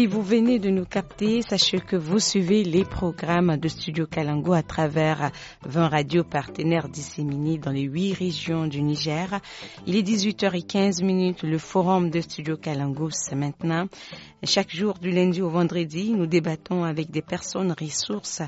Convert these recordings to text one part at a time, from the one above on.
Si vous venez de nous capter, sachez que vous suivez les programmes de Studio Kalango à travers 20 radios partenaires disséminés dans les 8 régions du Niger. Il est 18h15 Le forum de Studio Kalango, c'est maintenant. Chaque jour du lundi au vendredi, nous débattons avec des personnes ressources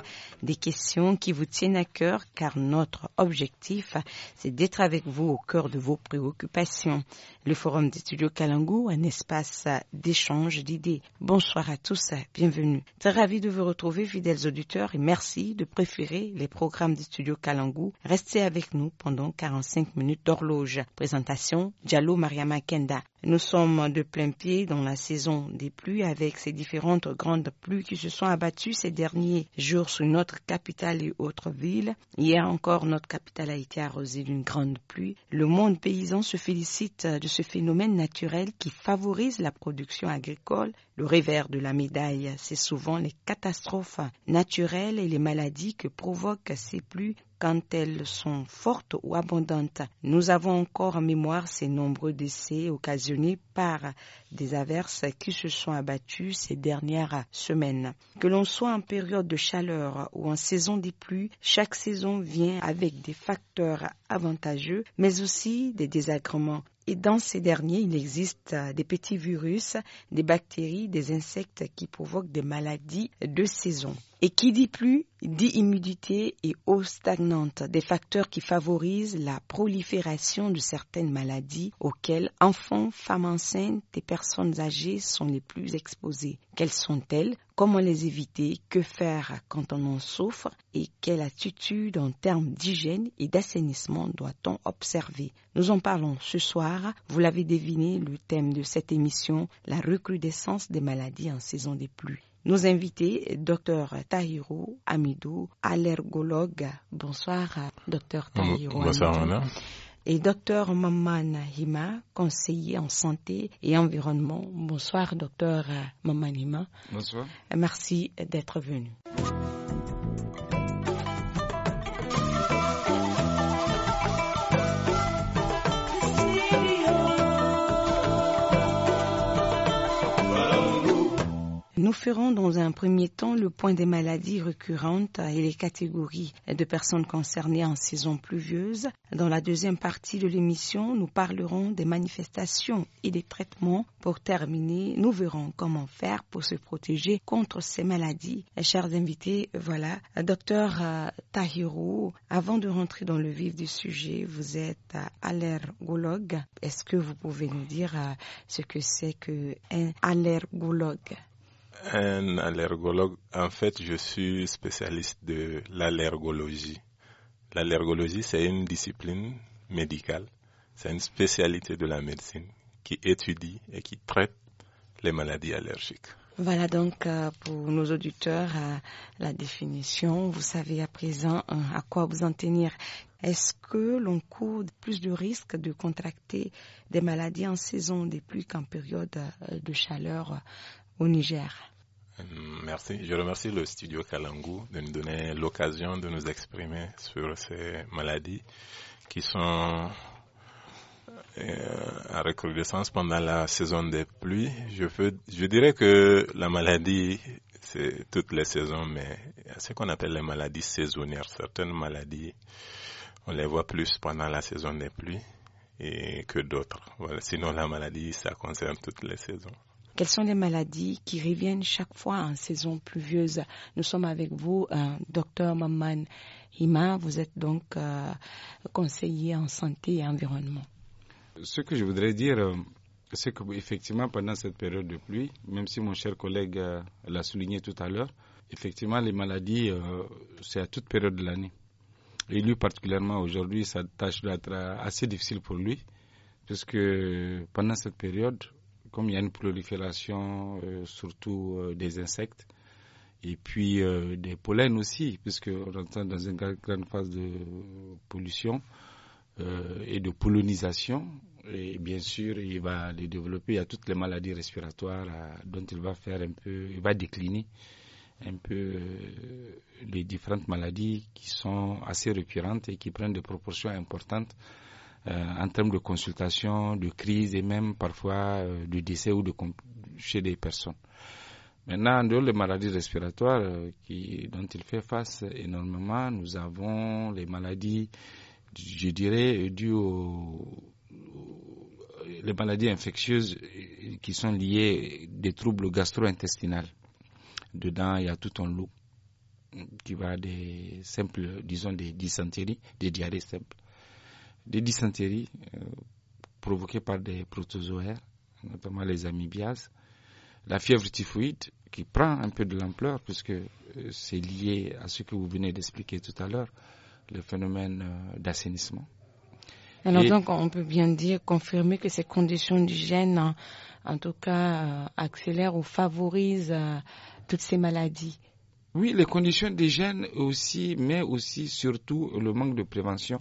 des questions qui vous tiennent à cœur car notre objectif, c'est d'être avec vous au cœur de vos préoccupations. Le Forum de Studio Kalango, un espace d'échange d'idées. Bonjour. Bonsoir à tous, euh, bienvenue. Très ravi de vous retrouver, fidèles auditeurs, et merci de préférer les programmes du studio Kalangu. Restez avec nous pendant 45 minutes d'horloge. Présentation, Diallo Mariama Kenda. Nous sommes de plein pied dans la saison des pluies avec ces différentes grandes pluies qui se sont abattues ces derniers jours sur notre capitale et autres villes. Hier encore, notre capitale a été arrosée d'une grande pluie. Le monde paysan se félicite de ce phénomène naturel qui favorise la production agricole. Le revers de la médaille, c'est souvent les catastrophes naturelles et les maladies que provoquent ces pluies quand elles sont fortes ou abondantes. Nous avons encore en mémoire ces nombreux décès occasionnés par des averses qui se sont abattues ces dernières semaines. Que l'on soit en période de chaleur ou en saison des pluies, chaque saison vient avec des facteurs avantageux, mais aussi des désagréments. Et dans ces derniers, il existe des petits virus, des bactéries, des insectes qui provoquent des maladies de saison. Et qui dit plus, dit humidité et eau stagnante, des facteurs qui favorisent la prolifération de certaines maladies auxquelles enfants, femmes enceintes et personnes âgées sont les plus exposées. Quelles sont-elles Comment les éviter Que faire quand on en souffre Et quelle attitude en termes d'hygiène et d'assainissement doit-on observer Nous en parlons ce soir. Vous l'avez deviné, le thème de cette émission, la recrudescence des maladies en saison des pluies. Nos invités, docteur Tahirou Amidou, allergologue. Bonsoir, docteur Tahiro. Bonsoir, Et docteur Maman Hima, conseiller en santé et environnement. Bonsoir, docteur Maman Hima. Bonsoir. Merci d'être venu. Nous ferons dans un premier temps le point des maladies récurrentes et les catégories de personnes concernées en saison pluvieuse. Dans la deuxième partie de l'émission, nous parlerons des manifestations et des traitements. Pour terminer, nous verrons comment faire pour se protéger contre ces maladies. Chers invités, voilà, docteur euh, Tahirou, avant de rentrer dans le vif du sujet, vous êtes allergologue. Est-ce que vous pouvez nous dire euh, ce que c'est qu'un allergologue un allergologue. En fait, je suis spécialiste de l'allergologie. L'allergologie, c'est une discipline médicale, c'est une spécialité de la médecine qui étudie et qui traite les maladies allergiques. Voilà donc euh, pour nos auditeurs euh, la définition. Vous savez à présent euh, à quoi vous en tenir. Est-ce que l'on court plus de risques de contracter des maladies en saison des pluies qu'en période de chaleur au Niger Merci. Je remercie le studio Kalangu de nous donner l'occasion de nous exprimer sur ces maladies qui sont euh, à recrudescence pendant la saison des pluies. Je, veux, je dirais que la maladie, c'est toutes les saisons, mais ce qu'on appelle les maladies saisonnières. Certaines maladies, on les voit plus pendant la saison des pluies et que d'autres. Sinon, la maladie, ça concerne toutes les saisons. Quelles sont les maladies qui reviennent chaque fois en saison pluvieuse Nous sommes avec vous, euh, docteur Maman Hima. Vous êtes donc euh, conseiller en santé et environnement. Ce que je voudrais dire, euh, c'est qu'effectivement, pendant cette période de pluie, même si mon cher collègue l'a souligné tout à l'heure, effectivement, les maladies, c'est à toute période de l'année. Et lui, particulièrement aujourd'hui, sa tâche doit être assez difficile pour lui, puisque pendant cette période, comme il y a une prolifération euh, surtout euh, des insectes et puis euh, des pollens aussi, puisque on entend dans une grande phase de pollution et de pollinisation. Et bien sûr, il va les développer à toutes les maladies respiratoires dont il va faire un peu, il va décliner un peu les différentes maladies qui sont assez récurrentes et qui prennent des proportions importantes euh, en termes de consultation, de crise et même parfois euh, de décès ou de chez des personnes. Maintenant, en dehors des maladies respiratoires euh, qui, dont il fait face énormément, nous avons les maladies, je dirais, dues aux, les maladies infectieuses qui sont liées des troubles gastro-intestinaux. Dedans, il y a tout un lot qui va des simples, disons, des dysenteries, des diarrhées simples des dysenteries euh, provoquées par des protozoaires, notamment les amibias, la fièvre typhoïde qui prend un peu de l'ampleur puisque euh, c'est lié à ce que vous venez d'expliquer tout à l'heure, le phénomène euh, d'assainissement. Alors donc on peut bien dire, confirmer que ces conditions d'hygiène, en, tout cas, accélèrent ou favorisent toutes ces maladies. Oui, les conditions d'hygiène aussi, mais aussi surtout le manque de prévention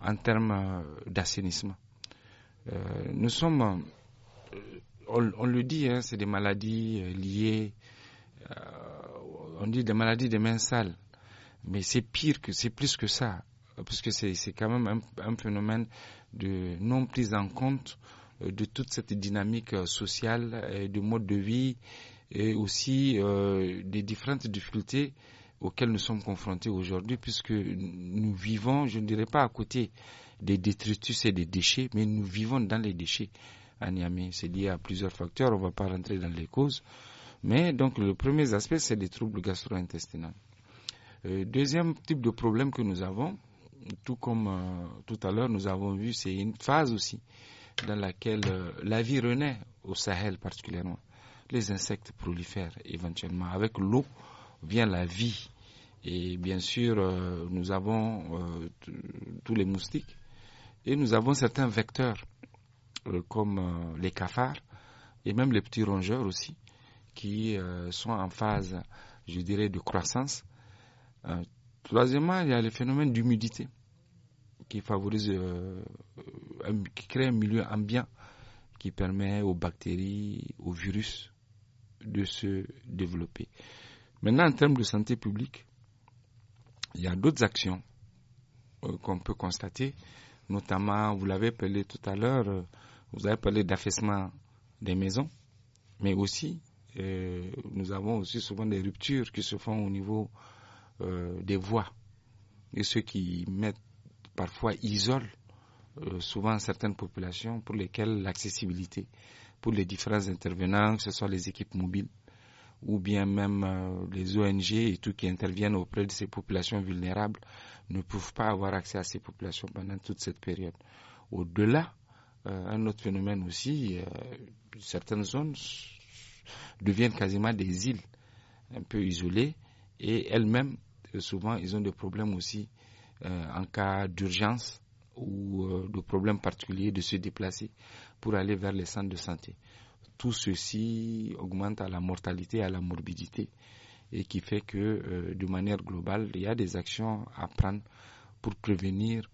en termes euh, d'assainissement. Euh, nous sommes, euh, on, le dit, hein, c'est des maladies liées, on dit des maladies des mains sales, mais c'est pire que, c'est plus que ça, parce que c'est quand même un, phénomène de non prise en compte de toute cette dynamique sociale, et de mode de vie et aussi des différentes difficultés auxquels nous sommes confrontés aujourd'hui, puisque nous vivons, je ne dirais pas à côté des détritus et des déchets, mais nous vivons dans les déchets à Niamey. C'est lié à plusieurs facteurs, on ne va pas rentrer dans les causes. Mais donc le premier aspect, c'est des troubles gastro-intestinaux. Euh, deuxième type de problème que nous avons, tout comme euh, tout à l'heure nous avons vu, c'est une phase aussi dans laquelle euh, la vie renaît, au Sahel particulièrement. Les insectes prolifèrent éventuellement avec l'eau vient la vie. Et bien sûr, euh, nous avons euh, tous les moustiques et nous avons certains vecteurs euh, comme les cafards et même les petits rongeurs aussi qui sont en phase, je dirais, de croissance. troisièmement, il y a le phénomène d'humidité qui favorise, qui crée un milieu ambiant qui permet aux bactéries, aux virus de se développer. Maintenant, en termes de santé publique, il y a d'autres actions euh, qu'on peut constater, notamment, vous l'avez appelé tout à l'heure, euh, vous avez parlé d'affaissement des maisons, mais aussi, euh, nous avons aussi souvent des ruptures qui se font au niveau des voies. Et ceux qui mettent, parfois, isolent souvent certaines populations pour lesquelles l'accessibilité, pour les différents intervenants, que ce soit les équipes mobiles, ou bien même euh, les ONG et tout qui interviennent auprès de ces populations vulnérables ne peuvent pas avoir accès à ces populations pendant toute cette période. Au-delà, euh, un autre phénomène aussi, euh, certaines zones deviennent quasiment des îles un peu isolées et elles-mêmes, souvent, ils ont des problèmes aussi en cas d'urgence ou de problèmes particuliers de se déplacer pour aller vers les centres de santé tout ceci augmente à la mortalité, à la morbidité, et qui fait que, euh, de manière globale, il y a des actions à prendre pour prévenir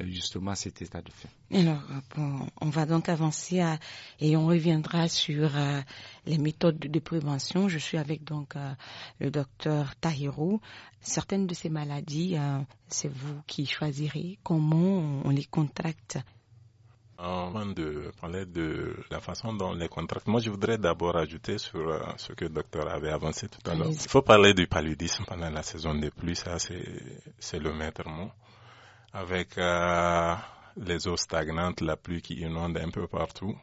euh, justement cet état de fait. Alors, on va donc avancer et on reviendra sur euh, les méthodes de, prévention. Je suis avec donc le docteur Tahirou. Certaines de ces maladies, c'est vous qui choisirez comment on les contracte avant de parler de la façon dont les contrats, moi je voudrais d'abord ajouter sur euh, ce que le docteur avait avancé tout à l'heure. Il faut parler du paludisme pendant la saison des pluies, ça c'est le maître mot. Avec euh, les eaux stagnantes, la pluie qui inonde un peu partout.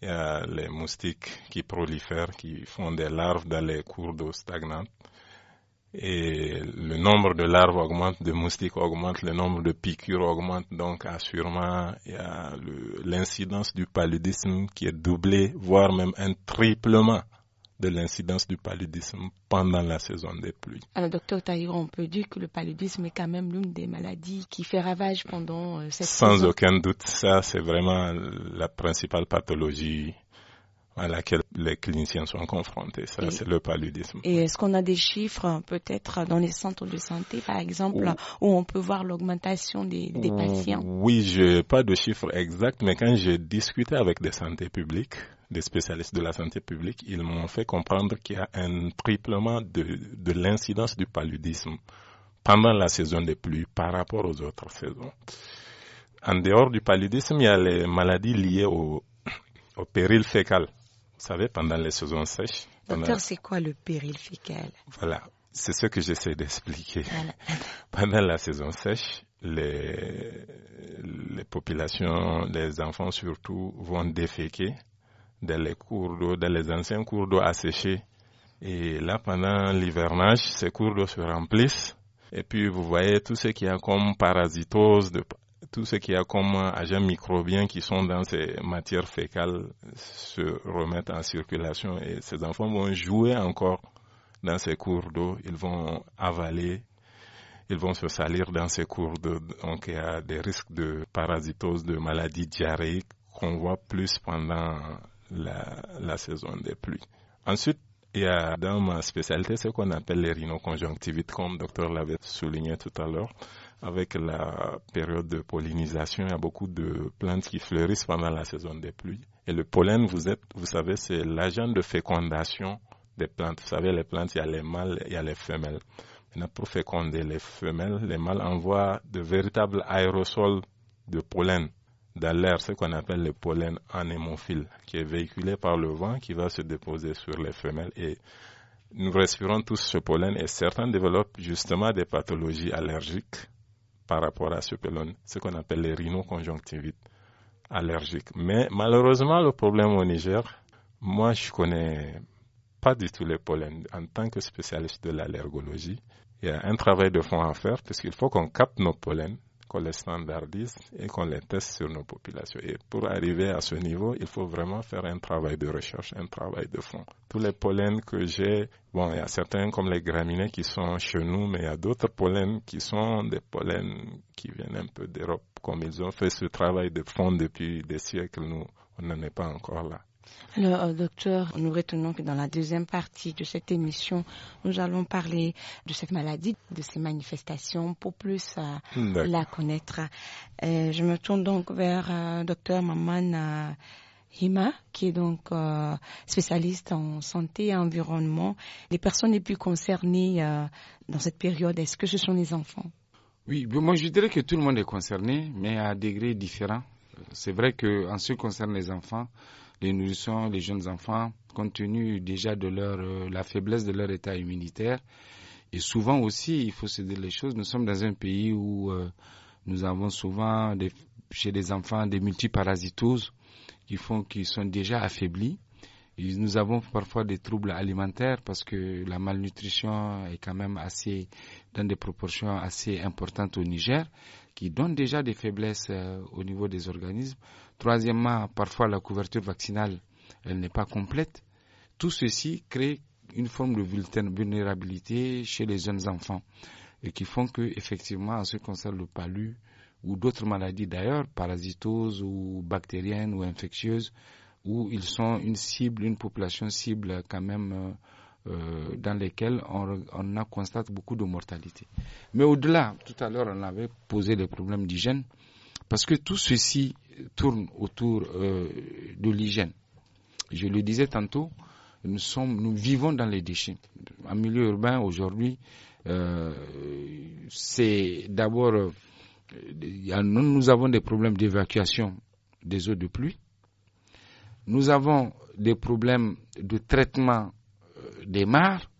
Il y a les moustiques qui prolifèrent, qui font des larves dans les cours d'eau stagnantes et le nombre de larves augmente, de moustiques augmente, le nombre de piqûres augmente, donc assurément il y a l'incidence du paludisme qui est doublée, voire même un triplement de l'incidence du paludisme pendant la saison des pluies. Alors, docteur Taïro, on peut dire que le paludisme est quand même l'une des maladies qui fait ravage pendant euh, cette saison? Sans aucun doute, ça, c'est vraiment la principale pathologie à laquelle les cliniciens sont confrontés. Ça, c'est le paludisme. Et est-ce qu'on a des chiffres, peut-être, dans les centres de santé, par exemple, où, on peut voir l'augmentation des, patients Oui, je n'ai pas de chiffres exacts, mais quand j'ai discuté avec des santé publiques, des spécialistes de la santé publique, ils m'ont fait comprendre qu'il y a un triplement de, de l'incidence du paludisme pendant la saison des pluies par rapport aux autres saisons. En dehors du paludisme, il y a les maladies liées au, au péril fécal, vous savez, pendant les saisons sèches. Docteur, c'est quoi le péril fécal Voilà, c'est ce que j'essaie d'expliquer. pendant la saison sèche, les, les populations, les enfants surtout, vont déféquer dans les cours d'eau, dans les anciens cours d'eau asséchés. Et là, pendant l'hivernage, ces cours d'eau se remplissent. Et puis, vous voyez tout ce qu'il y a comme parasitose de tout ce qu'il y a comme agents microbiens qui sont dans ces matières fécales se remettent en circulation et ces enfants vont jouer encore dans ces cours d'eau, ils vont avaler, ils vont se salir dans ces cours d'eau. Donc il y a des risques de parasitose, de maladies diarrhéiques qu'on voit plus pendant la, la saison des pluies. Ensuite, il y a dans ma spécialité ce qu'on appelle les rhinoconjonctivites, comme le docteur l'avait souligné tout à l'heure avec la période de pollinisation, il y a beaucoup de plantes qui fleurissent pendant la saison des pluies. Et le pollen, vous, êtes, vous savez, c'est l'agent de fécondation des plantes. Vous savez, les plantes, il y a les mâles, il y a les femelles. Maintenant, pour féconder les femelles, les mâles envoient de véritables aérosols de pollen dans l'air, ce qu'on appelle le pollen anémophile, qui est véhiculé par le vent qui va se déposer sur les femelles. Et nous respirons tous ce pollen et certains développent justement des pathologies allergiques par rapport à ce pélone, ce qu'on appelle les rhinoconjonctivites allergiques. Mais malheureusement, le problème au Niger, moi, je connais pas du tout les pollens. En tant que spécialiste de l'allergologie, il y a un travail de fond à faire parce qu'il faut qu'on capte nos pollens, qu'on les standardise et qu'on les teste sur nos populations. Et pour arriver à ce niveau, il faut vraiment faire un travail de recherche, un travail de fond. Tous les pollens que j'ai, bon, il y a certains comme les graminées qui sont chez nous, mais il y a d'autres pollens qui sont des pollens qui viennent un peu d'Europe. Comme ils ont fait ce travail de fond depuis des siècles, nous, on n'en est pas encore là. Alors, euh, docteur, nous retenons que dans la deuxième partie de cette émission, nous allons parler de cette maladie, de ses manifestations, pour plus euh, la connaître. je me tourne donc vers euh, docteur Maman Hima, qui est donc spécialiste en santé et environnement. Les personnes les plus concernées dans cette période, est-ce que ce sont les enfants Oui, moi je dirais que tout le monde est concerné, mais à degrés différents. C'est vrai qu'en ce qui concerne les enfants, les nourrissons, les jeunes enfants, compte tenu déjà de leur, euh, la faiblesse de leur état immunitaire. Et souvent aussi, il faut se dire les choses, nous sommes dans un pays où euh, nous avons souvent chez les enfants des multiparasitoses qui font qu'ils sont déjà affaiblis. nous avons parfois des troubles alimentaires parce que la malnutrition est quand même assez, dans des proportions assez importantes au Niger, qui donnent déjà des faiblesses euh, au niveau des organismes. Troisièmement, parfois la couverture vaccinale, elle n'est pas complète. Tout ceci crée une forme de vulnérabilité chez les jeunes enfants et qui font que, effectivement, en ce qui concerne le palu ou d'autres maladies d'ailleurs, parasitoses ou bactériennes ou infectieuses, où ils sont une cible, une population cible quand même euh, euh, dans lesquelles on, on constate beaucoup de mortalité. Mais au-delà, tout à l'heure on avait posé le problème d'hygiène, parce que tout ceci tourne autour euh, de l'hygiène. Je le disais tantôt, nous, sommes, nous vivons dans les déchets. En milieu urbain, aujourd'hui, euh, c'est d'abord, euh, nous avons des problèmes d'évacuation des eaux de pluie. Nous avons des problèmes de traitement des mares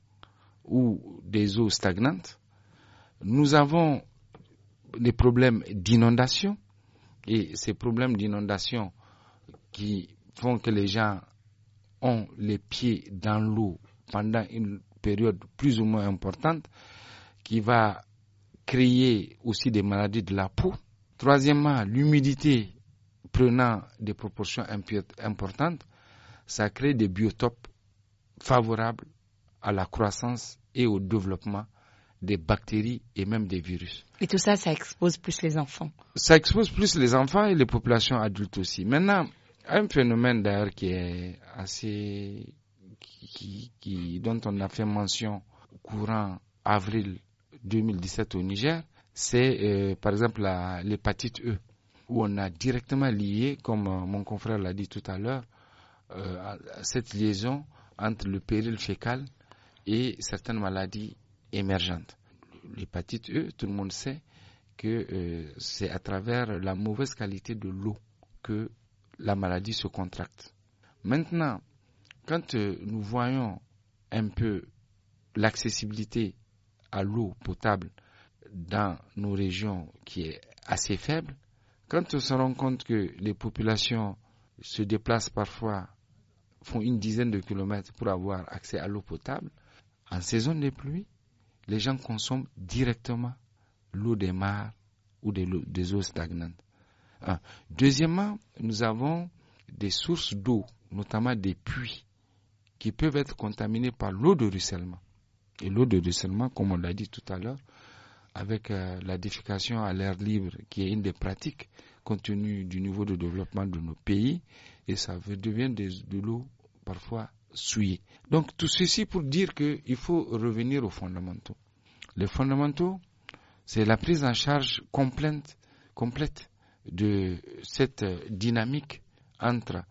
ou des eaux stagnantes. Nous avons des problèmes d'inondation. Et ces problèmes d'inondation qui font que les gens ont les pieds dans l'eau pendant une période plus ou moins importante, qui va créer aussi des maladies de la peau. Troisièmement, l'humidité prenant des proportions importantes, ça crée des biotopes favorables à la croissance et au développement des bactéries et même des virus. Et tout ça, ça expose plus les enfants. Ça expose plus les enfants et les populations adultes aussi. Maintenant, un phénomène d'ailleurs qui est assez, qui, dont on a fait mention courant avril 2017 au Niger, c'est euh, par exemple l'hépatite E, où on a directement lié, comme euh, mon confrère l'a dit tout à l'heure, euh, cette liaison entre le péril fécal et certaines maladies émergente. L'hépatite E, tout le monde sait que euh, c'est à travers la mauvaise qualité de l'eau que la maladie se contracte. Maintenant, quand euh, nous voyons un peu l'accessibilité à l'eau potable dans nos régions qui est assez faible, quand on se rend compte que les populations se déplacent parfois, font une dizaine de kilomètres pour avoir accès à l'eau potable, en saison des pluies, les gens consomment directement l'eau des mares ou des, eaux stagnantes. Deuxièmement, nous avons des sources d'eau, notamment des puits, qui peuvent être contaminés par l'eau de ruissellement. Et l'eau de ruissellement, comme on l'a dit tout à l'heure, avec euh, la défication à l'air libre, qui est une des pratiques compte tenu du niveau de développement de nos pays, et ça devient de l'eau parfois donc tout ceci pour dire qu'il faut revenir aux fondamentaux. Les fondamentaux, c'est la prise en charge complète, complète de cette dynamique entre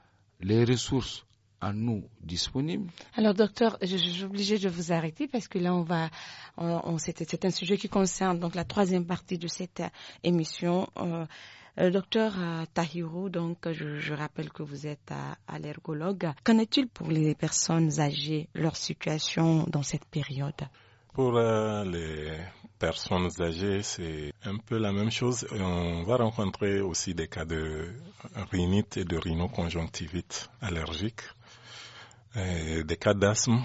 les ressources à nous disponibles. Alors, docteur, je, suis obligé de vous arrêter parce que là, on va, on, c'est un sujet qui concerne donc la troisième partie de cette émission. Euh, euh, docteur euh, Tahiro, donc je, rappelle que vous êtes euh, allergologue. Qu'en est-il pour les personnes âgées, leur situation dans cette période pour les personnes âgées, c'est un peu la même chose. On va rencontrer aussi des cas de rhinite et de rhinoconjonctivite allergique, des cas d'asthme.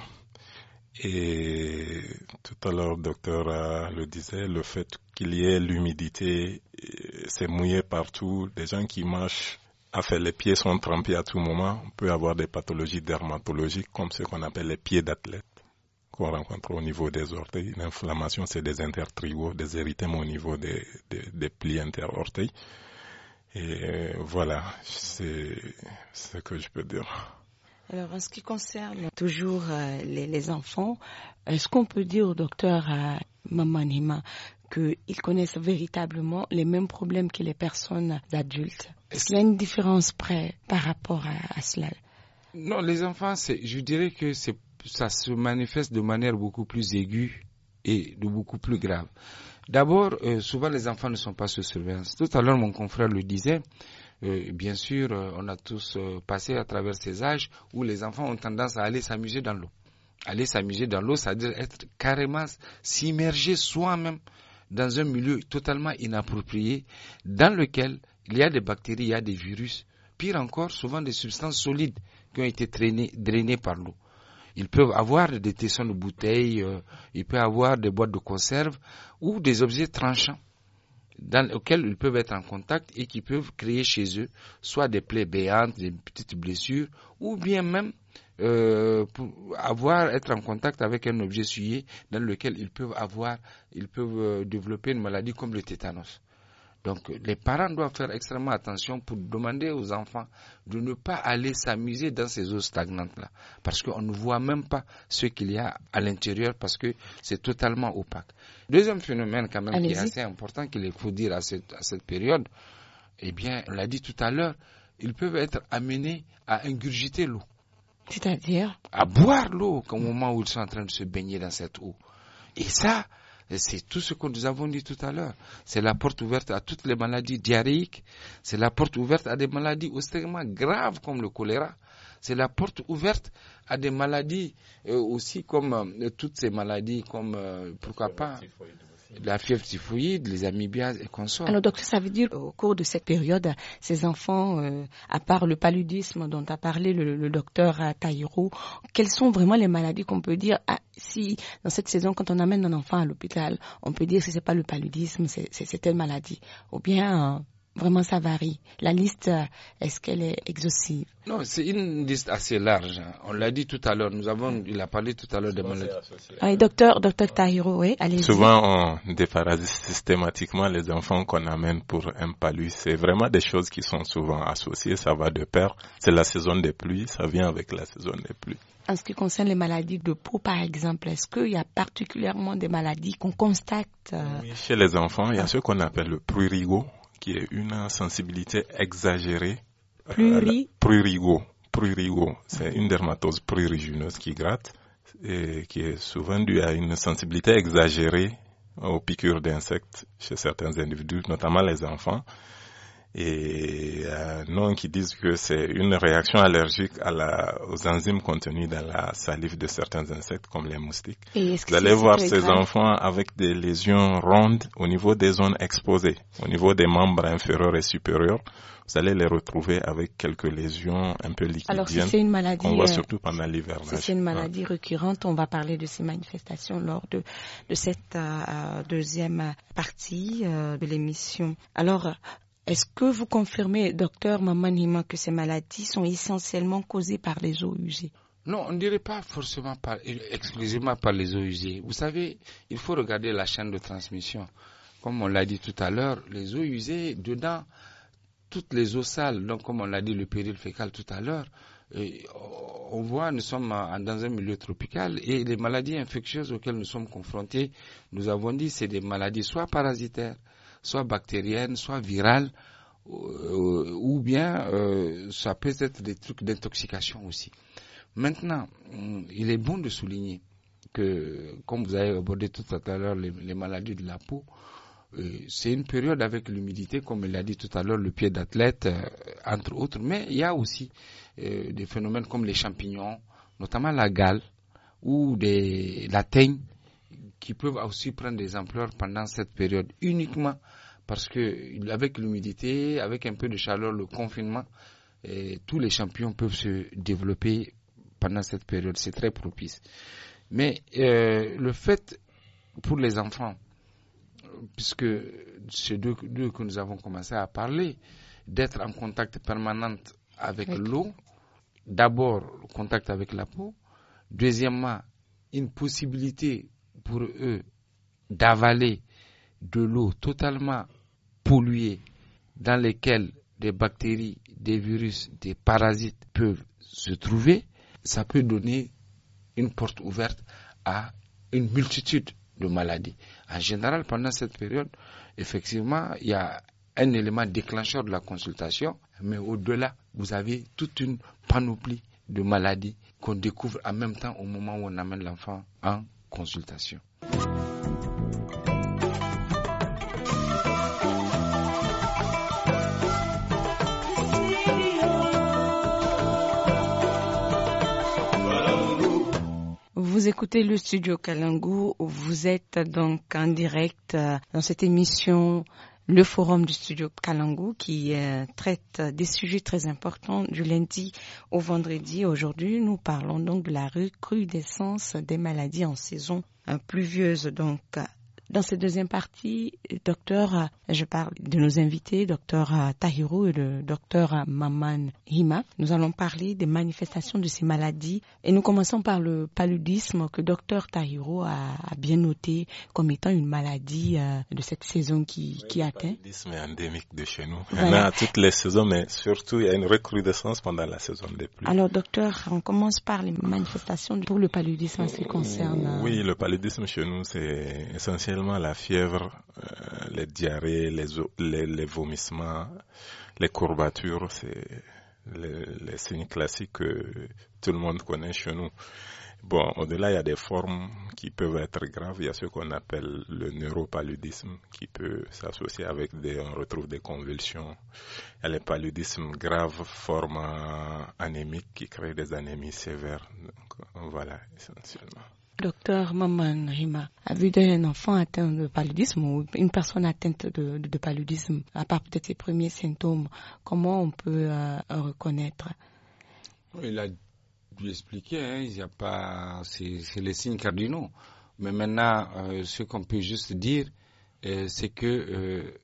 Et tout à l'heure, docteur le disait, le fait que qu'il y ait l'humidité, euh, c'est mouillé partout, des gens qui marchent à faire les pieds sont trempés à tout moment, on peut avoir des pathologies dermatologiques comme ce qu'on appelle les pieds d'athlète qu'on rencontre au niveau des orteils. L'inflammation, c'est des intertrio, des érythèmes au niveau des, plis interorteils. Et euh, voilà, c'est ce que je peux dire. Alors, en ce qui concerne toujours euh, les, enfants, est-ce qu'on peut dire au docteur Mamanima qu'ils connaissent véritablement les mêmes problèmes que les personnes adultes. Est-ce qu'il y a une différence près par rapport à, cela Non, les enfants, je dirais que ça se manifeste de manière beaucoup plus aiguë et de beaucoup plus grave. D'abord, euh, souvent les enfants ne sont pas sous surveillance. Tout à l'heure, mon confrère le disait. Euh, bien sûr, euh, on a tous passé à travers ces âges où les enfants ont tendance à aller s'amuser dans l'eau. Aller s'amuser dans l'eau, c'est-à-dire être carrément s'immerger soi-même dans un milieu totalement inapproprié dans lequel il y a des bactéries, il y a des virus, pire encore, souvent des substances solides qui ont été traînées, drainées par l'eau. Ils peuvent avoir des tessons de bouteilles, euh, ils peuvent avoir des boîtes de conserve ou des objets tranchants dans lesquels ils peuvent être en contact et qui peuvent créer chez eux soit des plaies béantes, des petites blessures ou bien même euh, pour avoir, être en contact avec un objet souillé dans lequel ils peuvent avoir, ils peuvent euh, développer une maladie comme le tétanos. Donc les parents doivent faire extrêmement attention pour demander aux enfants de ne pas aller s'amuser dans ces eaux stagnantes-là, parce qu'on ne voit même pas ce qu'il y a à l'intérieur, parce que c'est totalement opaque. Deuxième phénomène quand même qui est assez important qu'il faut dire à cette, à cette période, eh bien, on l'a dit tout à l'heure, ils peuvent être amenés à ingurgiter l'eau. C'est-à-dire À boire l'eau au moment où ils sont en train de se baigner dans cette eau. Et ça, c'est tout ce que nous avons dit tout à l'heure. C'est la porte ouverte à toutes les maladies diarrhéiques. C'est la porte ouverte à des maladies extrêmement graves comme le choléra. C'est la porte ouverte à des maladies euh, aussi comme euh, toutes ces maladies comme euh, pourquoi pas la fièvre typhoïde, les amibias et consorts. Alors, docteur, ça veut dire au cours de cette période, ces enfants, euh, à part le paludisme dont a parlé le, docteur Taïro, quelles sont vraiment les maladies qu'on peut dire ah, si dans cette saison, quand on amène un enfant à l'hôpital, on peut dire si c'est pas le paludisme, c'est telle maladie, ou bien Vraiment, ça varie. La liste, euh, est-ce qu'elle est exhaustive Non, c'est une liste assez large. On l'a dit tout à l'heure. Nous avons, il a parlé tout à l'heure des maladies. Oui, docteur, docteur Tahiro, oui, allez -y. Souvent, on déparasite systématiquement les enfants qu'on amène pour un palu. C'est vraiment des choses qui sont souvent associées. Ça va de pair. C'est la saison des pluies. Ça vient avec la saison des pluies. En ce qui concerne les maladies de peau, par exemple, est-ce qu'il y a particulièrement des maladies qu'on constate euh? Chez les enfants, il y a ce qu'on appelle le prurigo qui est une sensibilité exagérée. Euh, Prurigo. Prurigo. C'est une dermatose prurigineuse qui gratte et qui est souvent due à une sensibilité exagérée aux piqûres d'insectes chez certains individus, notamment les enfants et euh, non qui disent que c'est une réaction allergique à la, aux enzymes contenues dans la salive de certains insectes comme les moustiques. Vous allez voir ces enfants avec des lésions rondes au niveau des zones exposées, au niveau des membres inférieurs et supérieurs. Vous allez les retrouver avec quelques lésions un peu liquidiennes. Alors si c'est une maladie, voit euh, surtout pendant l'hiver. Si c'est une maladie récurrente, on va parler de ces manifestations lors de, de cette euh, deuxième partie euh, de l'émission. Alors est-ce que vous confirmez, docteur Mamanima, que ces maladies sont essentiellement causées par les eaux usées Non, on ne dirait pas forcément par, euh, exclusivement par les eaux usées. Vous savez, il faut regarder la chaîne de transmission. Comme on l'a dit tout à l'heure, les eaux usées, dedans, toutes les eaux sales, donc comme on l'a dit le péril fécal tout à l'heure, euh, on voit, nous sommes dans un milieu tropical et les maladies infectieuses auxquelles nous sommes confrontés, nous avons dit, c'est des maladies soit parasitaires, soit bactérienne, soit virale, euh, ou bien euh, ça peut être des trucs d'intoxication aussi. Maintenant, hum, il est bon de souligner que, comme vous avez abordé tout à l'heure les, maladies de la peau, euh, c'est une période avec l'humidité, comme l'a dit tout à l'heure, le pied d'athlète, entre autres, mais il y a aussi des phénomènes comme les champignons, notamment la gale ou la teigne qui peuvent aussi prendre des ampleurs pendant cette période uniquement parce que avec l'humidité, avec un peu de chaleur, le confinement, tous les champions peuvent se développer pendant cette période. C'est très propice. Mais euh, le fait pour les enfants, puisque c'est d'eux que nous avons commencé à parler, d'être en contact permanent avec l'eau, d'abord le contact avec la peau, deuxièmement une possibilité pour eux d'avaler de l'eau totalement polluée dans laquelle des bactéries, des virus, des parasites peuvent se trouver, ça peut donner une porte ouverte à une multitude de maladies. En général, pendant cette période, effectivement, il y a un élément déclencheur de la consultation, mais au-delà, vous avez toute une panoplie de maladies qu'on découvre en même temps au moment où on amène l'enfant en consultation. Vous écoutez le studio Kalangu, vous êtes donc en direct euh, dans cette émission le forum du studio Kalangu qui euh, traite des sujets très importants du lundi au vendredi. Aujourd'hui, nous parlons donc de la recrudescence des maladies en saison hein, pluvieuse. Donc, dans cette deuxième partie, docteur, je parle de nos invités, docteur Tahiro et le docteur Maman Hima. Nous allons parler des manifestations de ces maladies et nous commençons par le paludisme que docteur Tahiro a, bien noté comme étant une maladie euh, de cette saison qui, atteint. Le paludisme est endémique de chez nous. Il y en a toutes les saisons, mais surtout il y a une recrudescence pendant la saison des pluies. Alors docteur, on commence par les manifestations pour le paludisme en ce qui concerne. Oui, le paludisme chez nous, c'est essentiel la fièvre, euh, les diarrhées, les, les, vomissements, les courbatures, c'est les, signes classiques que tout le monde connaît chez nous. Bon, au-delà, il y a des formes qui peuvent être graves. Il y a ce qu'on appelle le neuropaludisme qui peut s'associer avec des, on retrouve des convulsions. Il y a les paludismes graves, formes anémiques qui créent des anémies sévères. Donc, voilà, essentiellement. Docteur Maman Rima, a vu d'un enfant atteint de paludisme ou une personne atteinte de, paludisme, à part peut-être ses premiers symptômes, comment on peut euh, reconnaître Il a dû expliquer, hein, il a pas, c'est les signes cardinaux. Mais maintenant, euh, ce qu'on peut juste dire, euh, c'est que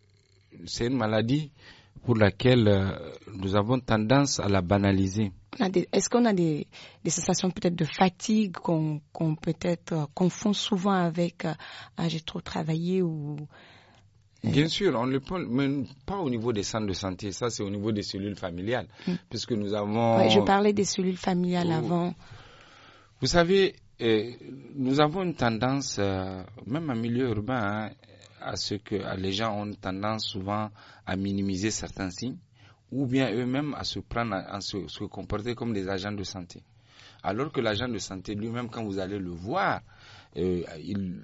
c'est une maladie pour laquelle euh, nous avons tendance à la banaliser. Est-ce qu'on a des, sensations peut-être de fatigue qu'on peut-être euh, confond souvent avec euh, ah, j'ai trop travaillé ou Bien sûr, on le prend, mais pas au niveau des centres de santé, ça c'est au niveau des cellules familiales, hmm. puisque nous avons. je parlais des cellules familiales oh. avant. Vous savez, nous avons une tendance, même en milieu urbain, hein, à ce que les gens ont tendance souvent à minimiser certains signes ou bien eux-mêmes à se prendre, à, se, comporter comme des agents de santé. Alors que l'agent de santé lui-même, quand vous allez le voir, euh,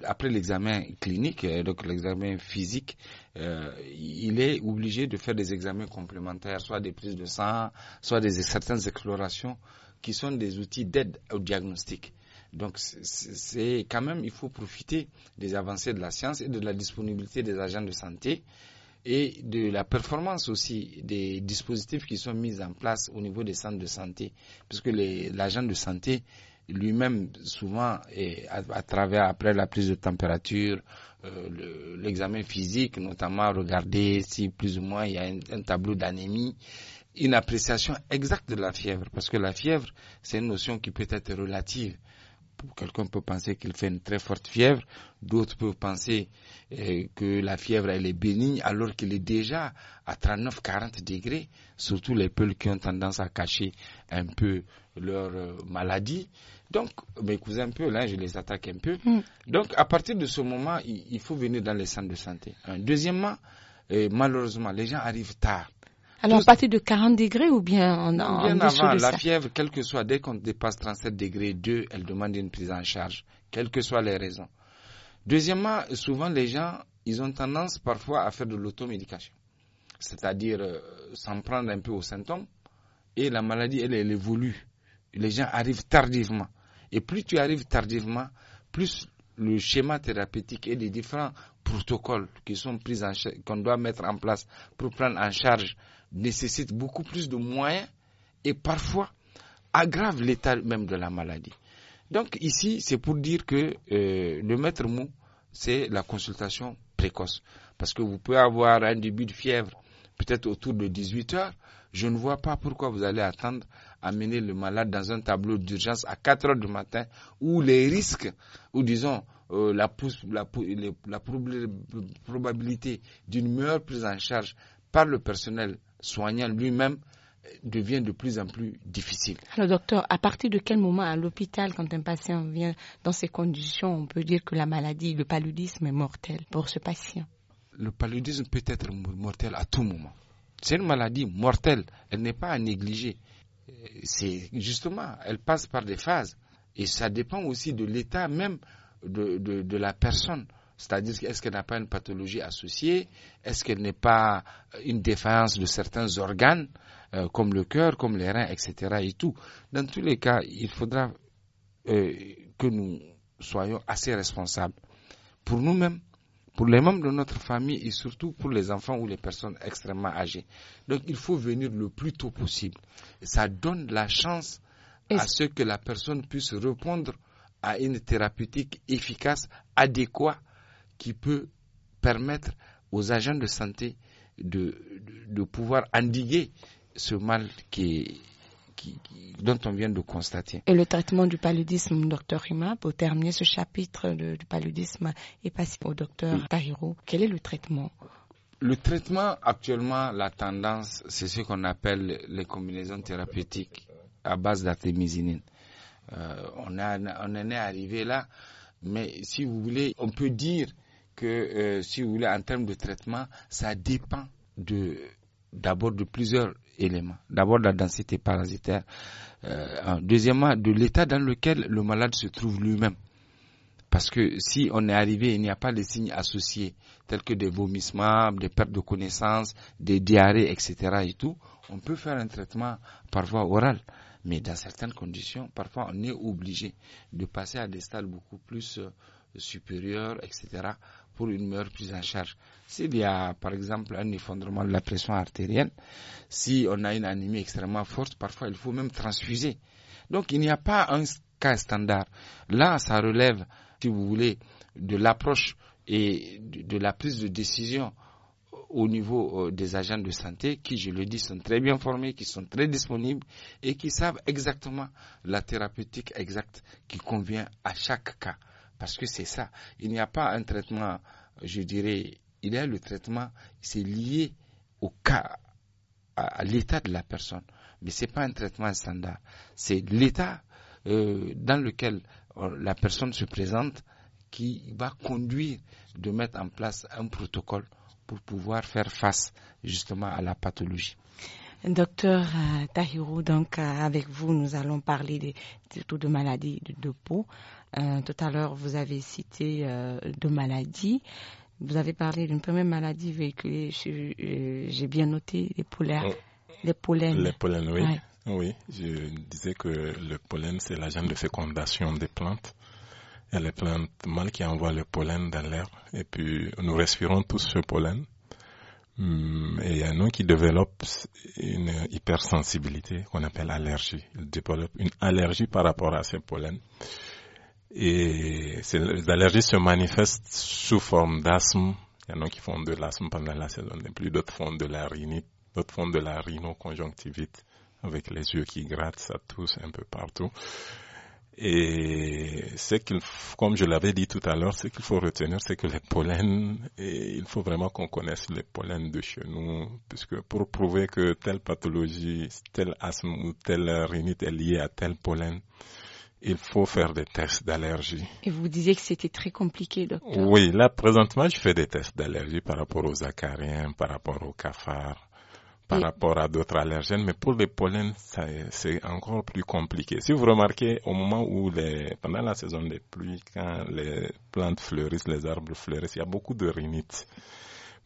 après l'examen clinique, euh, donc l'examen physique, euh, il est obligé de faire des examens complémentaires, soit des prises de sang, soit des certaines explorations, qui sont des outils d'aide au diagnostic. Donc c'est quand même, il faut profiter des avancées de la science et de la disponibilité des agents de santé et de la performance aussi des dispositifs qui sont mis en place au niveau des centres de santé. Parce que l'agent de santé lui-même, souvent, à, travers, après la prise de température, euh, l'examen physique, notamment regarder si plus ou moins il y a un tableau d'anémie, une appréciation exacte de la fièvre. Parce que la fièvre, c'est une notion qui peut être relative. Quelqu'un peut penser qu'il fait une très forte fièvre, d'autres peuvent penser euh, que la fièvre elle est bénigne alors qu'il est déjà à 39-40 degrés, surtout les peuples qui ont tendance à cacher un peu leur euh, maladie. Donc, mes cousins un peu, là, je les attaque un peu. Hmm. Donc, à partir de ce moment, il, faut venir dans les centres de santé. Deuxièmement, euh, malheureusement, les gens arrivent tard. Alors, à partir de 40 degrés ou bien en, en Bien avant, la fièvre, quelle que soit, dès qu'on dépasse 37 degrés 2, elle demande une prise en charge, quelles que soient les raisons. Deuxièmement, souvent les gens, ils ont tendance parfois à faire de l'automédication, c'est-à-dire euh, s'en prendre un peu aux symptômes, et la maladie, elle, elle évolue. Les gens arrivent tardivement. Et plus tu arrives tardivement, plus le schéma thérapeutique et les différents protocoles qui sont pris en qu'on doit mettre en place pour prendre en charge nécessite beaucoup plus de moyens et parfois aggrave l'état même de la maladie. Donc ici, c'est pour dire que euh, le maître mot, c'est la consultation précoce. Parce que vous pouvez avoir un début de fièvre peut-être autour de 18 heures. Je ne vois pas pourquoi vous allez attendre amener le malade dans un tableau d'urgence à 4 heures du matin où les risques, ou disons euh, la, la probabilité d'une meilleure prise en charge par le personnel soignant lui-même euh, devient de plus en plus difficile. Alors docteur, à partir de quel moment à l'hôpital, quand un patient vient dans ces conditions, on peut dire que la maladie, le paludisme est mortel pour ce patient Le paludisme peut être mortel à tout moment. C'est une maladie mortelle, elle n'est pas à négliger. Euh, c'est justement, elle passe par des phases et ça dépend aussi de l'état même de la personne. C'est-à-dire, est-ce qu'elle n'a pas une pathologie associée Est-ce qu'elle n'est pas euh, une défaillance de certains organes, euh, comme le cœur, comme les reins, etc. et tout Dans tous les cas, il faudra euh, que nous soyons assez responsables pour nous-mêmes, pour les membres de notre famille et surtout pour les enfants ou les personnes extrêmement âgées. Donc il faut venir le plus tôt possible. Ça donne la chance à ce que la personne puisse répondre à une thérapeutique efficace, adéquate qui peut permettre aux agents de santé de, de, pouvoir endiguer ce mal qui dont on vient de constater. Et le traitement du paludisme, docteur Hima. pour terminer ce chapitre du paludisme et passer au docteur Tahiro, quel est le traitement le traitement actuellement, la tendance, c'est ce qu'on appelle les combinaisons thérapeutiques à base d'artémisinine. Euh, on, on en est arrivé là, mais si vous voulez, on peut dire que, euh, si vous voulez, en termes de traitement, ça dépend de d'abord de plusieurs éléments. D'abord de la densité parasitaire. Euh, deuxièmement, de l'état dans lequel le malade se trouve lui-même. Parce que si on est arrivé, il n'y a pas de signes associés, tels que des vomissements, des pertes de connaissances, des diarrhées, etc. et tout, on peut faire un traitement parfois oral, Mais dans certaines conditions, parfois, on est obligé de passer à des stades beaucoup plus euh, supérieurs, etc., pour une meilleure prise en charge. S'il y a, par exemple, un effondrement de la pression artérielle, si on a une anémie extrêmement forte, parfois il faut même transfuser. Donc il n'y a pas un cas standard. Là, ça relève, si vous voulez, de l'approche et de la prise de décision au niveau euh, des agents de santé qui, je le dis, sont très bien formés, qui sont très disponibles et qui savent exactement la thérapeutique exacte qui convient à chaque cas. Parce que c'est ça. Il n'y a pas un traitement, je dirais, il y a le traitement, c'est lié au cas, à, l'état de la personne. Mais ce n'est pas un traitement standard. C'est l'état euh, dans lequel euh, la personne se présente qui va conduire de mettre en place un protocole pour pouvoir faire face justement à la pathologie. Docteur euh, donc euh, avec vous, nous allons parler des, surtout de maladies de, peau. Euh, tout à l'heure, vous avez cité euh, deux maladies. Vous avez parlé d'une première maladie véhiculée, j'ai bien noté, les, pollens. Oh. les pollens. Les pollens, oui. Oui, je disais que le pollen, c'est l'agent de fécondation des plantes. Et les plantes mâles qui envoient le pollen dans l'air. Et puis, nous respirons tous ce pollen. Hmm, et il y en a qui développent une hypersensibilité qu'on appelle allergie. Ils développent une allergie par rapport à ces pollens. Et ces allergies se manifestent sous forme d'asthme. Il y en a qui font de l'asthme pendant la saison des pluies, d'autres font de la rhinite, d'autres font de la rhinoconjonctivite avec les yeux qui grattent, ça tousse un peu partout. Et ce qu'il, comme je l'avais dit tout à l'heure, ce qu'il faut retenir, c'est que les pollens, et il faut vraiment qu'on connaisse les pollens de chez nous, puisque pour prouver que telle pathologie, tel asthme ou telle rhinite est liée à tel pollen, il faut faire des tests d'allergie. Et vous disiez que c'était très compliqué, docteur. Oui, là, présentement, je fais des tests d'allergie par rapport aux acariens, par rapport aux cafards par rapport à d'autres allergènes, mais pour les pollens, c'est encore plus compliqué. Si vous remarquez, au moment où les, pendant la saison des pluies, quand les plantes fleurissent, les arbres fleurissent, il y a beaucoup de rhinites.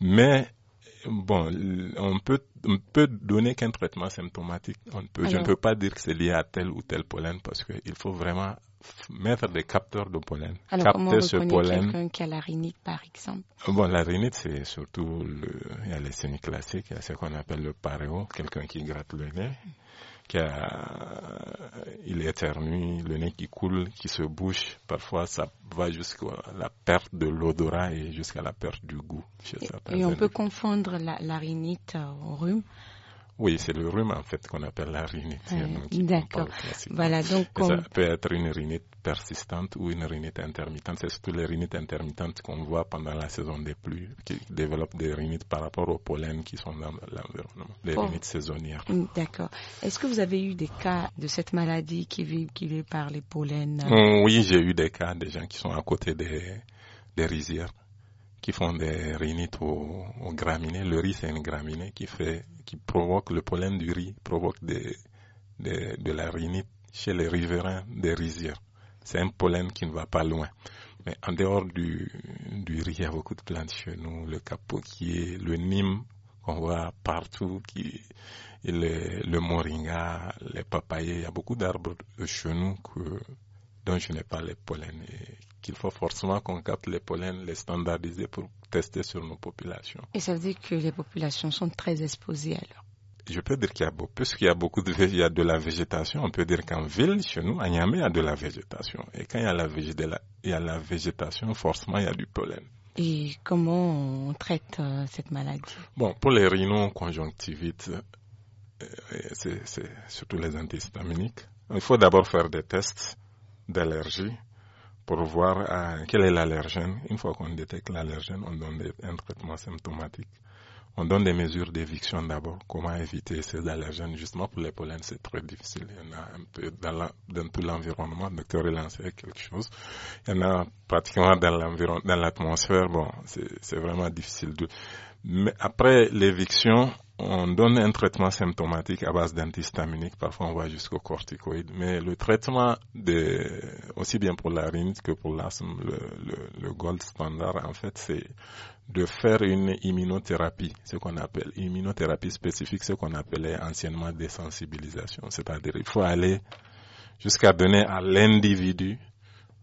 Mais bon, on peut, on peut donner qu'un traitement symptomatique. On peut, je ne peux pas dire que c'est lié à tel ou tel pollen parce qu'il faut vraiment mettre des capteurs de pollen. Alors, capter comment ce pollen. quelqu'un qui a la rhinite, par exemple Bon, la rhinite, c'est surtout le, il y a les signes classiques, il y a ce qu'on appelle le paréo, quelqu'un qui gratte le nez, qu'il euh, est éternue, le nez qui coule, qui se bouche. Parfois, ça va jusqu'à la perte de l'odorat et jusqu'à la perte du goût chez et, certains. Et on peut confondre la, la rhinite au rhume oui, c'est le rhume en fait qu'on appelle la rhinite. D'accord. Voilà, donc ça peut être une rhinite persistante ou une rhinite intermittente. C'est surtout les rhinites intermittentes qu'on voit pendant la saison des pluies qui développent des rhinites par rapport aux pollens qui sont dans l'environnement, les rhinites saisonnières. Mm, d'accord. Est-ce que vous avez eu des cas de cette maladie qui vit par les pollens mm, Oui, j'ai eu des cas de gens qui sont à côté des, des rizières qui font des rhinites aux, graminées. Le riz, c'est une graminée qui, fait, qui provoque le pollen du riz, provoque des, de la rhinite chez les riverains des rizières. C'est un pollen qui ne va pas loin. Mais en dehors du, du riz, il y a beaucoup de plantes chez nous. Le capoquier, le nîmes qu'on voit partout, qui, le, le, moringa, les papayers. Il y a beaucoup d'arbres chez nous que, dont je n'ai pas les pollens et qu'il faut forcément qu'on capte les pollens, les standardiser pour tester sur nos populations. Et ça veut dire que les populations sont très exposées alors je peux dire qu'il y a beaucoup, puisqu'il y a beaucoup de, il y a de la végétation, on peut dire qu'en ville, chez nous, à Niamey, il y a de la végétation. Et quand il y a la, il y a la végétation, forcément, il y a du pollen. Et comment on traite euh, cette maladie Bon, pour les rhinoconjonctivites, euh, c'est surtout les antihistaminiques, il faut d'abord faire des tests d'allergie pour voir euh, quel est l'allergène. Une fois qu'on détecte l'allergène, on donne un traitement symptomatique. On donne des mesures d'éviction d'abord. Comment éviter ces allergènes Justement, pour les pollens, c'est très difficile. Il y en a un peu dans, tout l'environnement. Le docteur est quelque chose. Il y en a pratiquement dans dans l'atmosphère. Bon, c'est vraiment difficile. Mais après l'éviction, on donne un traitement symptomatique à base d'antihistaminique, parfois on va jusqu'au corticoïde, mais le traitement de, aussi bien pour la rhinite que pour l'asthme, le, gold standard en fait, c'est de faire une immunothérapie, ce qu'on appelle immunothérapie spécifique, ce qu'on appelait anciennement des sensibilisations. c'est-à-dire il faut aller jusqu'à donner à l'individu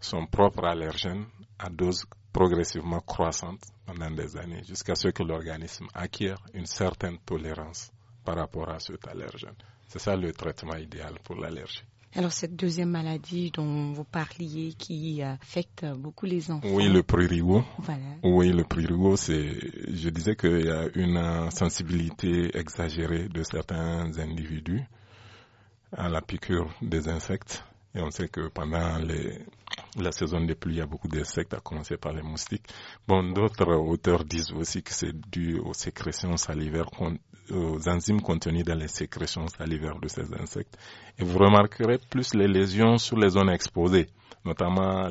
son propre allergène à dose progressivement croissante pendant des années jusqu'à ce que l'organisme acquiert une certaine tolérance par rapport à cet allergène. C'est ça le traitement idéal pour l'allergie. Alors cette deuxième maladie dont vous parliez qui affecte beaucoup les enfants. Oui, le prurigo. Voilà. Oui, le prurigo, c'est, je disais qu'il y a une sensibilité exagérée de certains individus à la piqûre des insectes. Et on sait que pendant les, la saison des pluies, il y a beaucoup d'insectes, à commencer par les moustiques. Bon, d'autres auteurs disent aussi que c'est dû aux sécrétions salivaires, aux enzymes contenues dans les sécrétions salivaires de ces insectes. Et vous remarquerez plus les lésions sur les zones exposées, notamment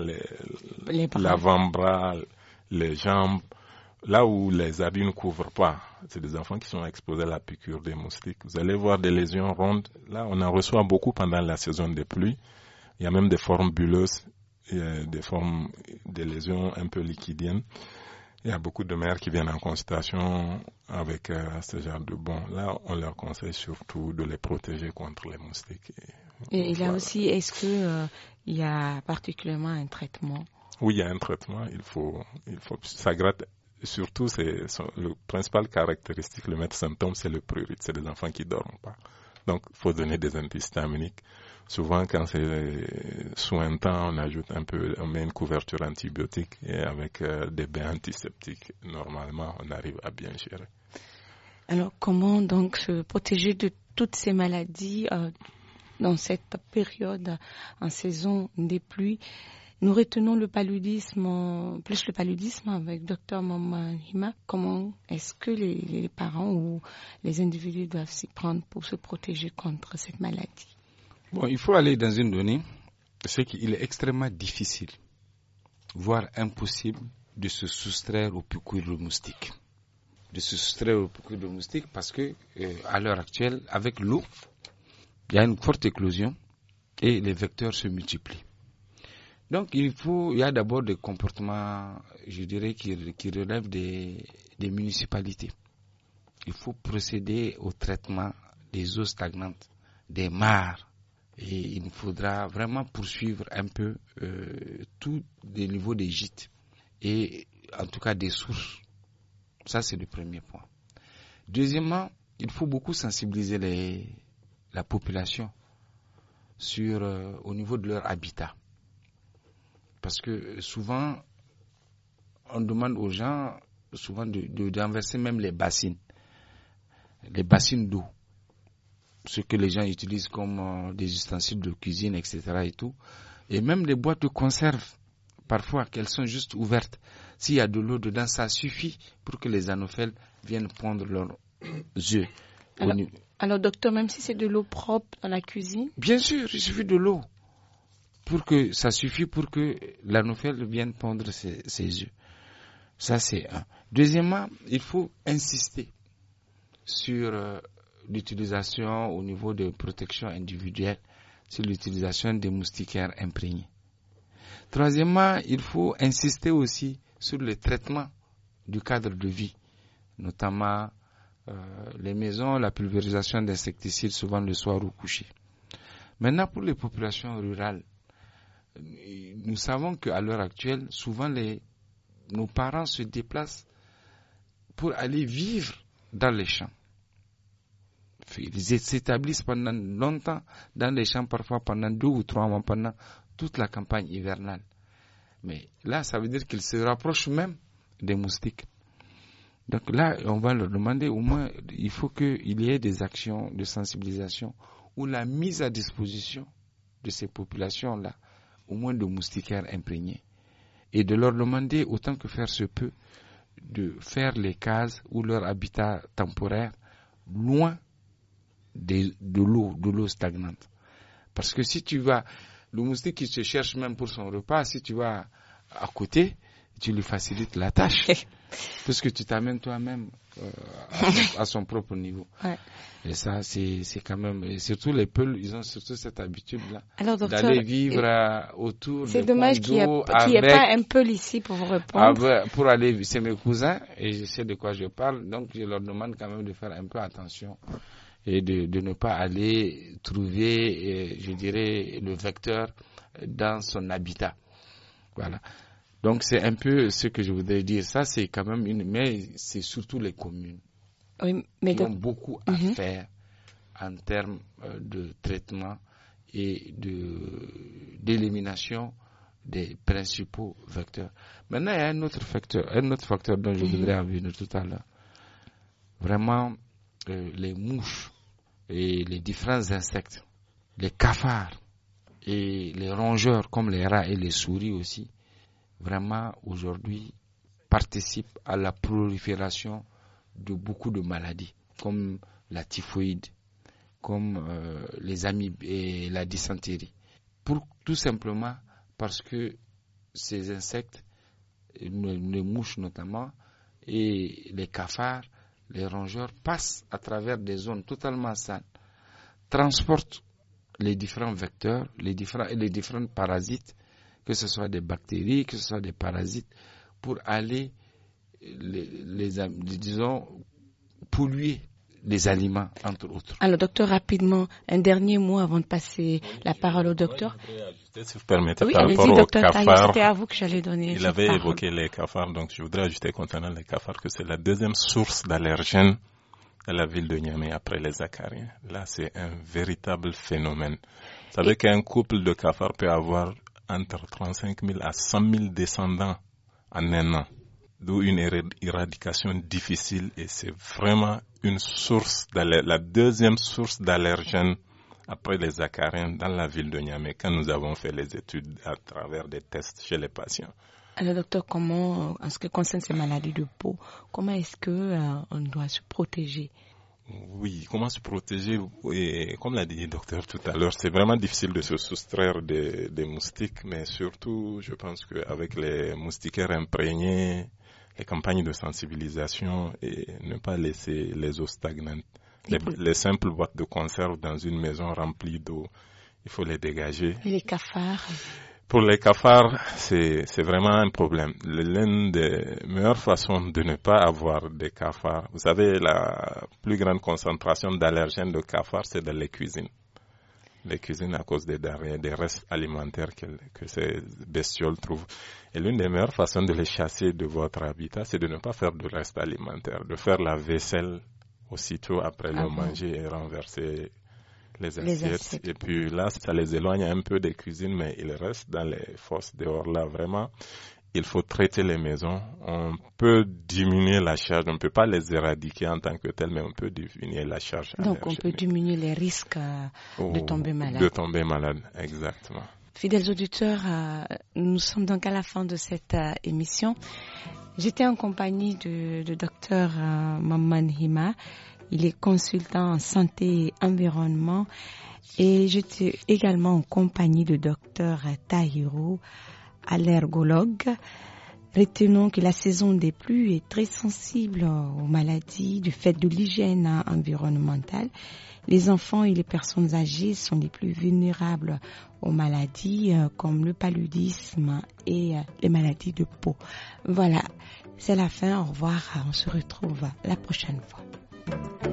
l'avant-bras, les, les, les jambes, là où les habits ne couvrent pas, c'est des enfants qui sont exposés à la piqûre des moustiques. Vous allez voir des lésions rondes. Là, on en reçoit beaucoup pendant la saison des pluies. Il y a même des formes bulleuses il y a des formes de lésions un peu liquidiennes. Il y a beaucoup de mères qui viennent en consultation avec euh, ce genre de bon. Là, on leur conseille surtout de les protéger contre les moustiques. Et, là aussi, est-ce que euh, il y a particulièrement un traitement Oui, il y a un traitement. Il faut, il faut, ça gratte. Surtout, c'est le principal caractéristique, le maître symptôme, c'est le prurite. C'est des enfants qui dorment pas. Donc, il faut donner des antihistaminiques Souvent, quand c'est euh, sous on ajoute un peu, on met une couverture antibiotique et avec euh, des bains antiseptiques, normalement, on arrive à bien gérer. Alors, comment donc se protéger de toutes ces maladies euh, dans cette période, en saison des pluies Nous retenons le paludisme, plus le paludisme avec Dr Maman Hima. Comment est-ce que les parents ou les individus doivent s'y prendre pour se protéger contre cette maladie Bon, il faut aller dans une donnée, c'est qu'il est extrêmement difficile, voire impossible, de se soustraire au pucul de moustiques. De se soustraire au pucul de moustique parce que, euh, à l'heure actuelle, avec l'eau, il y a une forte éclosion et les vecteurs se multiplient. Donc, il faut, il y a d'abord des comportements, je dirais, qui, relèvent des municipalités. Il faut procéder au traitement des eaux stagnantes, des mares, et il faudra vraiment poursuivre un peu euh, tous les niveaux des gîtes et en tout cas des sources. Ça, c'est le premier point. Deuxièmement, il faut beaucoup sensibiliser la population sur, euh, au niveau de leur habitat. Parce que euh, souvent, on demande aux gens souvent d'enverser de, même les bassines, les bassines d'eau ce que les gens utilisent comme euh, des ustensiles de cuisine, etc. et tout. Et même les boîtes de conserve, parfois qu'elles sont juste ouvertes. S'il y a de l'eau dedans, ça suffit pour que les anophèles viennent prendre leurs yeux. Alors, docteur, même si c'est de l'eau propre dans la cuisine Bien sûr, il suffit de l'eau. Pour que, ça suffit pour que l'anophèle vienne prendre ses yeux. Ça, c'est un. Deuxièmement, il faut insister sur euh, l'utilisation au niveau de protection individuelle, sur l'utilisation des moustiquaires imprégnés. Troisièmement, il faut insister aussi sur le traitement du cadre de vie, notamment euh, les maisons, la pulvérisation d'insecticides souvent le soir au coucher. Maintenant, pour les populations rurales, nous savons qu'à l'heure actuelle, souvent les, nos parents se déplacent pour aller vivre dans les champs. Ils s'établissent pendant longtemps dans les champs, parfois pendant deux ou trois mois, pendant toute la campagne hivernale. Mais là, ça veut dire qu'ils se rapprochent même des moustiques. Donc là, on va leur demander au moins, il faut qu'il y ait des actions de sensibilisation ou la mise à disposition de ces populations-là, au moins de moustiquaires imprégnés, et de leur demander, autant que faire se peut, de faire les cases ou leur habitat temporaire loin de, de l'eau, de l'eau stagnante. Parce que si tu vas, le moustique qui se cherche même pour son repas, si tu vas à côté, tu lui facilites la tâche. parce que tu t'amènes toi-même euh, à, son propre niveau. Ouais. Et ça, c'est quand même. Et surtout les peuls ils ont surtout cette habitude-là d'aller vivre autour de C'est dommage qu'il n'y ait pas un peul ici pour vous répondre. Ah, pour aller, c'est mes cousins et je sais de quoi je parle, donc je leur demande quand même de faire un peu attention et de, de ne pas aller trouver, euh, je dirais, le vecteur dans son habitat. Voilà. Donc c'est un peu ce que je voudrais dire. Ça, c'est quand même une... Mais c'est surtout les communes qui ont beaucoup à mhm. faire en termes euh, de traitement et d'élimination des principaux vecteurs. Maintenant, il y a un autre facteur, un autre facteur dont je mhm. voudrais en venir tout à l'heure. Vraiment, euh, les mouches et les différents insectes, les cafards et les rongeurs comme les rats et les souris aussi, vraiment aujourd'hui participent à la prolifération de beaucoup de maladies comme la typhoïde, comme euh, les amibes et la dysenterie. tout simplement parce que ces insectes, les mouches notamment, et les cafards les rongeurs passent à travers des zones totalement saines, transportent les différents vecteurs, les différents, les différents parasites, que ce soit des bactéries, que ce soit des parasites, pour aller, les, les disons, polluer des aliments, entre autres. Alors, docteur, rapidement, un dernier mot avant de passer la parole au docteur. Ajouter, si vous permettez, oui, par rapport aux cafards, c'était à vous que j'allais donner. Il avait évoqué les cafards, donc je voudrais ajouter concernant les cafards que c'est la deuxième source d'allergènes à la ville de Niamey après les acariens. Là, c'est un véritable phénomène. Vous savez qu'un couple de cafards peut avoir entre 35 000 à 100 000 descendants en un an d'où une éradication difficile et c'est vraiment une source la deuxième source d'allergène après les acariens dans la ville de Niamey quand nous avons fait les études à travers des tests chez les patients. Alors docteur, comment, en ce qui concerne ces maladies de peau, comment est-ce que euh, on doit se protéger Oui, comment se protéger Comme l'a dit le docteur tout à l'heure, c'est vraiment difficile de se soustraire des, des moustiques, mais surtout, je pense qu'avec les moustiquaires imprégnés, les campagnes de sensibilisation et ne pas laisser les eaux stagnantes. Les, simples boîtes de conserve dans une maison remplie d'eau, il faut les dégager. les cafards Pour les cafards, c'est vraiment un problème. L'une des meilleures façons de ne pas avoir des cafards, vous savez, la plus grande concentration d'allergènes de cafards, c'est dans les cuisines les cuisines à cause des des restes alimentaires que, ces bestioles trouvent. Et l'une des meilleures façons de les chasser de votre habitat, c'est de ne pas faire de restes alimentaires, de faire la vaisselle aussitôt après le ah manger et renverser les les assiettes. Et puis là, ça les éloigne un peu des cuisines, mais ils restent dans les fosses dehors là. Vraiment, il faut traiter les maisons. On peut diminuer la charge. On ne peut pas les éradiquer en tant que telles, mais on peut diminuer la charge. Donc on peut diminuer les risques euh, de tomber malade. De tomber malade, exactement. Fidèles auditeurs, euh, nous sommes donc à la fin de cette euh, émission. J'étais en compagnie de docteur Mamman Hima. Il est consultant en santé et environnement. Et j'étais également en compagnie de docteur Tahiro allergologue. Retenons que la saison des pluies est très sensible aux maladies du fait de l'hygiène environnementale. Les enfants et les personnes âgées sont les plus vulnérables aux maladies euh, comme le paludisme et euh, les maladies de peau. Voilà, c'est la fin. Au revoir. On se retrouve la prochaine fois.